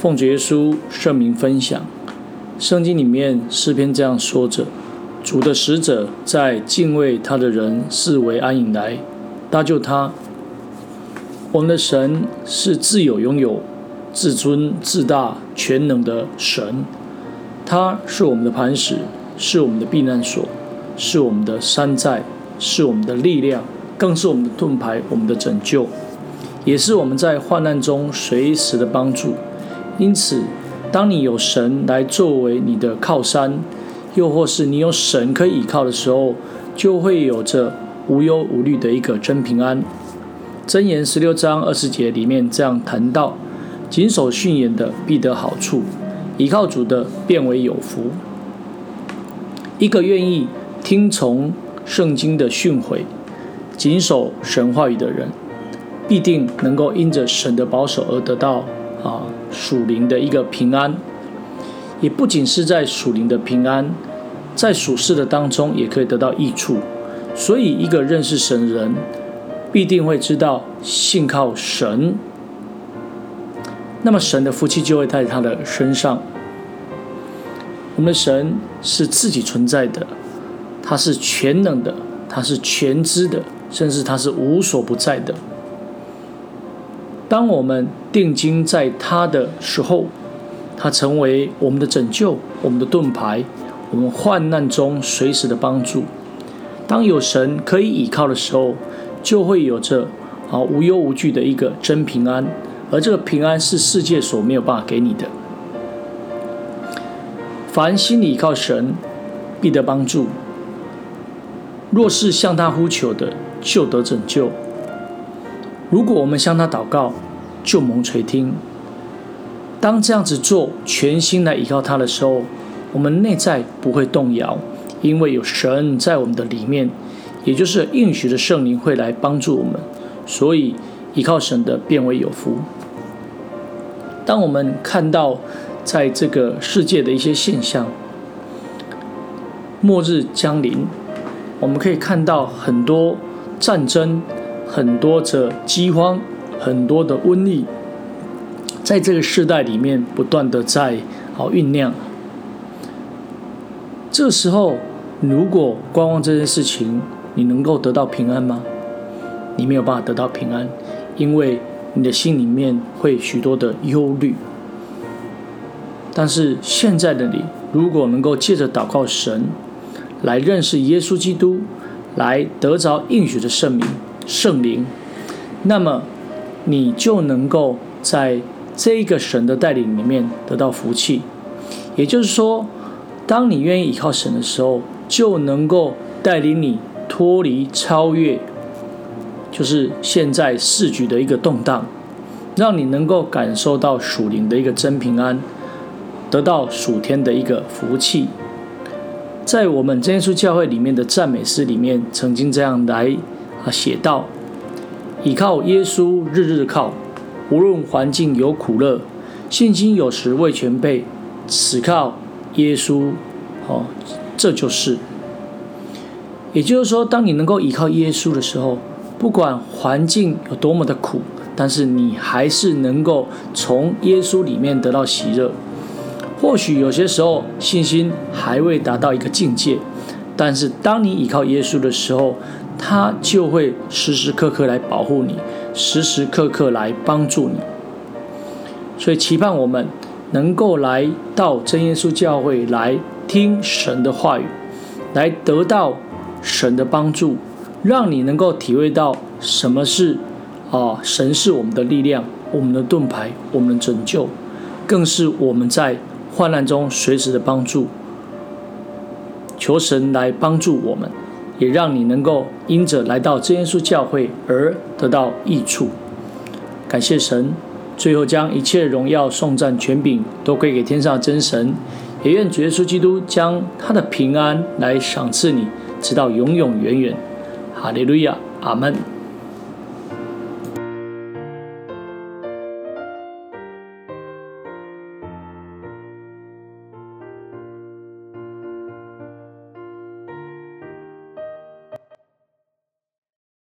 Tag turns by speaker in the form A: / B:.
A: 奉主耶穌聖名分享，聖經裡面詩篇這樣說着：“主的使者在敬畏他的人四圍安營來搭救他。”我們的神是自有永有、自尊自大、全能的神，他是我們的磐石，是我們的避難所，是我們的山寨，是我們的力量，更是我們的盾牌、我們的拯救，也是我們在患難中隨時的幫助。因此，當你有神來作為你的靠山，又或是你有神可以依靠的時候，就會有着無憂無慮的一個真平安。箴言十六章二十節裡面這樣談到：謹守訓言的必得好處，倚靠主的便為有福。一個願意聽從聖經的訓誨、謹守神話語的人，必定能夠因着神的保守而得到。啊，屬靈的一個平安，也不僅是在屬靈的平安，在屬世的當中也可以得到益處。所以，一個認識神人，必定會知道信靠神。那麼，神的福氣就會在他的身上。我們神是自己存在的，他是全能的，他是全知的，甚至他是無所不在的。當我們定睛在他的時候，他成為我們的拯救、我們的盾牌、我們患難中隨時的幫助。當有神可以倚靠的時候，就會有着啊無憂無懼的一個真平安，而這個平安是世界所沒有辦法給你的。凡心裡倚靠神，必得幫助；若是向他呼求的，就得拯救。如果我們向他禱告，就蒙垂聽。當這樣子做，全心來依靠他的時候，我們內在不會動搖，因為有神在我們的裡面，也就是應許的聖靈會來幫助我們。所以，依靠神的便為有福。當我們看到在這個世界的一些現象，末日將臨，我們可以看到很多戰爭。很多的饑荒，很多的瘟疫，在這個世代裡面不斷的在好醞釀。這時候，如果觀望這件事情，你能夠得到平安嗎？你沒有辦法得到平安，因為你的心裡面會有許多的憂慮。但是現在的你，如果能夠借着禱告神，來認識耶穌基督，來得着應許的聖名。聖靈，那麼你就能夠在這一個神的帶領裡面得到福氣。也就是說，當你願意依靠神的時候，就能夠帶領你脫離、超越，就是現在世局的一個動盪，讓你能夠感受到屬靈的一個真平安，得到屬天的一個福氣。在我們真耶穌教會裡面的讚美詩裡面，曾經這樣來。寫道：倚靠耶穌，日日靠，無論環境有苦樂，信心有時未全備，此靠耶穌。哦，這就是，也就是說，當你能夠倚靠耶穌的時候，不管環境有多麼的苦，但是你還是能夠從耶穌裡面得到喜樂。或許有些時候信心還未達到一個境界，但是當你倚靠耶穌的時候。他就會時時刻刻來保護你，時時刻刻來幫助你。所以期盼我們能夠來到真耶穌教會來聽神的話語，來得到神的幫助，讓你能夠體會到什麼是啊，神是我們的力量，我們的盾牌，我們的拯救，更是我們在患難中隨時的幫助。求神來幫助我們。也讓你能夠因着來到真耶穌教會而得到益處，感謝神。最後將一切榮耀、頌讚、權柄都歸給天上真神。也願主耶穌基督將他的平安來賞賜你，直到永永遠遠。哈利路亞，阿門。